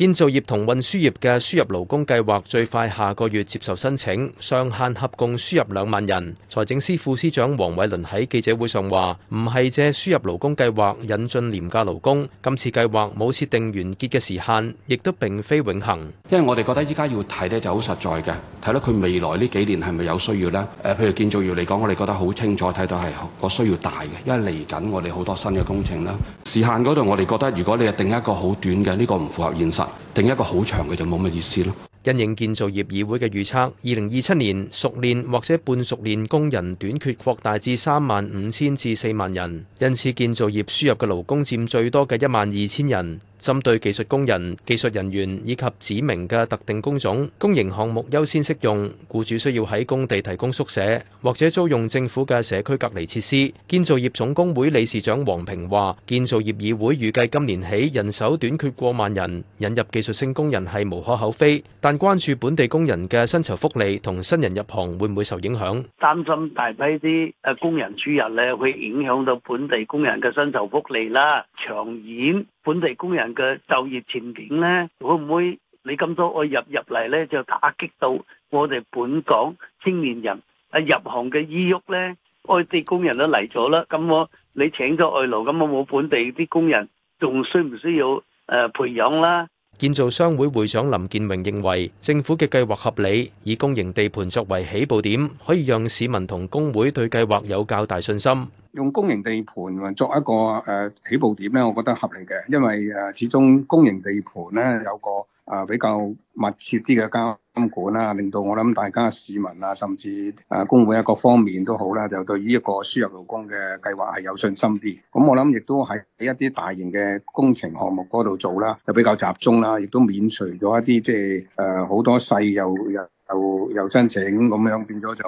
建造業同運輸業嘅輸入勞工計劃最快下個月接受申請，上限合共輸入兩萬人。財政司副司長黃偉綸喺記者會上話，唔係借輸入勞工計劃引進廉價勞工。今次計劃冇設定完結嘅時限，亦都並非永恆。因為我哋覺得依家要睇呢就好實在嘅，睇到佢未來呢幾年係咪有需要呢？誒，譬如建造業嚟講，我哋覺得好清楚，睇到係個需要大嘅，因為嚟緊我哋好多新嘅工程啦。時限嗰度我哋覺得，如果你係定一個好短嘅，呢個唔符合現實。定一個好長嘅就冇乜意思咯。因應建造業議會嘅預測，二零二七年熟練或者半熟練工人短缺擴大至三萬五千至四萬人，因此建造業輸入嘅勞工佔最多嘅一萬二千人。針對技術工人、技術人員以及指明嘅特定工種，公營項目優先適用，僱主需要喺工地提供宿舍，或者租用政府嘅社區隔離設施。建造業總工會理事長黃平話：建造業議會預計今年起人手短缺過萬人，引入技術性工人係無可厚非，但關注本地工人嘅薪酬福利同新人入行會唔會受影響。擔心大批啲誒工人輸入咧，會影響到本地工人嘅薪酬福利啦。長遠。本地工人嘅就業前景咧，會唔會你咁多外入入嚟咧，就打擊到我哋本港青年人？啊，入行嘅意欲咧，外地工人都嚟咗啦。咁我你請咗外勞，咁我冇本地啲工人，仲需唔需要誒培養啦？建造商會會長林建榮認為，政府嘅計劃合理，以公營地盤作為起步點，可以讓市民同工會對計劃有較大信心。用公營地盤作一個誒、呃、起步點咧，我覺得合理嘅，因為誒、呃、始終公營地盤咧，有個啊、呃、比較密切啲嘅監管啦，令到我諗大家市民啊，甚至啊、呃、工會一個方面都好啦，就對於一個輸入勞工嘅計劃係有信心啲。咁、嗯、我諗亦都係喺一啲大型嘅工程項目嗰度做啦，就比較集中啦，亦都免除咗一啲即係誒好多細又。又又申請咁樣，變咗就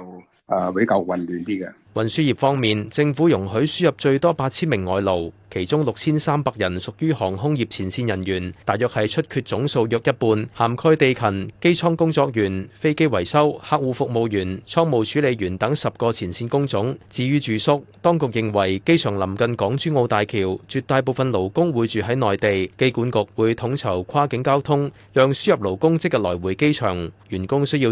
誒比較混亂啲嘅。運輸業方面，政府容許輸入最多八千名外勞，其中六千三百人屬於航空業前線人員，大約係出缺總數約一半，涵蓋地勤、機艙工作員、飛機維修、客戶服務員、倉務處理員等十個前線工種。至於住宿，當局認為機場臨近港珠澳大橋，絕大部分勞工會住喺內地，機管局會統籌跨境交通，讓輸入勞工即日來回機場。員工需要。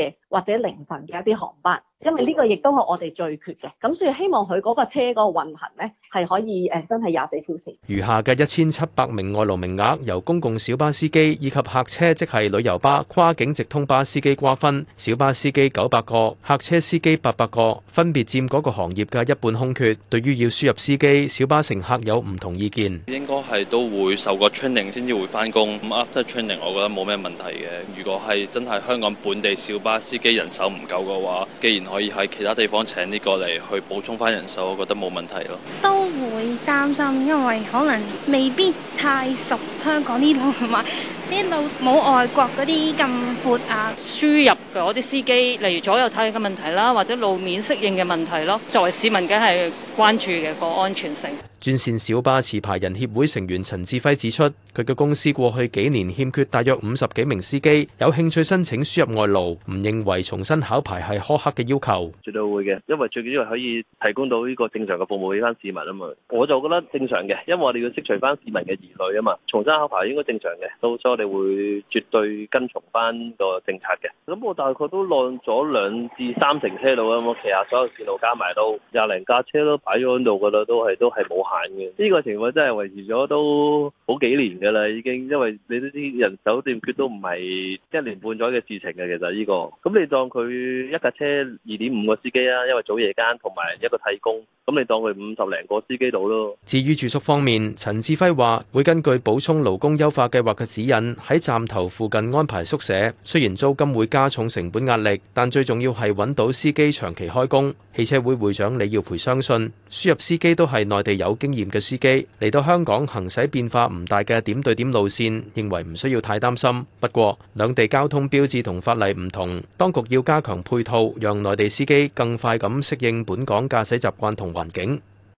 或者凌晨嘅一啲航班。因為呢個亦都係我哋最缺嘅，咁所以希望佢嗰個車嗰個運行呢係可以誒、呃、真係廿四小時。餘下嘅一千七百名外勞名額由公共小巴司機以及客車即係旅遊巴、跨境直通巴司機瓜分，小巴司機九百個，客車司機八百個，分別佔嗰個行業嘅一半空缺。對於要輸入司機，小巴乘客有唔同意見。應該係都會受個 training 先至會翻工。咁 Up 即係 r training，我覺得冇咩問題嘅。如果係真係香港本地小巴司機人手唔夠嘅話，既然可以喺其他地方請呢個嚟去補充翻人手，我覺得冇問題咯。都會擔心，因為可能未必太熟香港呢度同埋呢路冇外國嗰啲咁闊啊。輸入嘅啲司機，例如左右睇嘅問題啦，或者路面適應嘅問題咯。作為市民，梗係。關注嘅個安全性。專線小巴持牌人協會成員陳志輝指出，佢嘅公司過去幾年欠缺大約五十幾名司機，有興趣申請輸入外勞，唔認為重新考牌係苛刻嘅要求。絕對會嘅，因為最緊要可以提供到呢個正常嘅服務俾翻市民啊嘛。我就覺得正常嘅，因為我哋要釋除翻市民嘅疑慮啊嘛。重新考牌應該正常嘅，到時我哋會絕對跟從翻個政策嘅。咁我大概都浪咗兩至三成車路啊，我其實所有線路加埋都廿零架車都。喺嗰度嘅咧，都係都係冇限嘅。呢個情況真係維持咗都好幾年嘅啦，已經。因為你都知人手短缺都唔係一年半載嘅事情嘅，其實呢個。咁你當佢一架車二點五個司機啊，因為早夜間同埋一個替工。咁你當佢五十零個司機度咯。至於住宿方面，陳志輝話會根據補充勞工優化計劃嘅指引，喺站頭附近安排宿舍。雖然租金會加重成本壓力，但最重要係揾到司機長期開工。汽車會會長李耀培相信。輸入司機都係內地有經驗嘅司機，嚟到香港行駛變化唔大嘅點對點路線，認為唔需要太擔心。不過，兩地交通標誌同法例唔同，當局要加強配套，讓內地司機更快咁適應本港駕駛習慣同環境。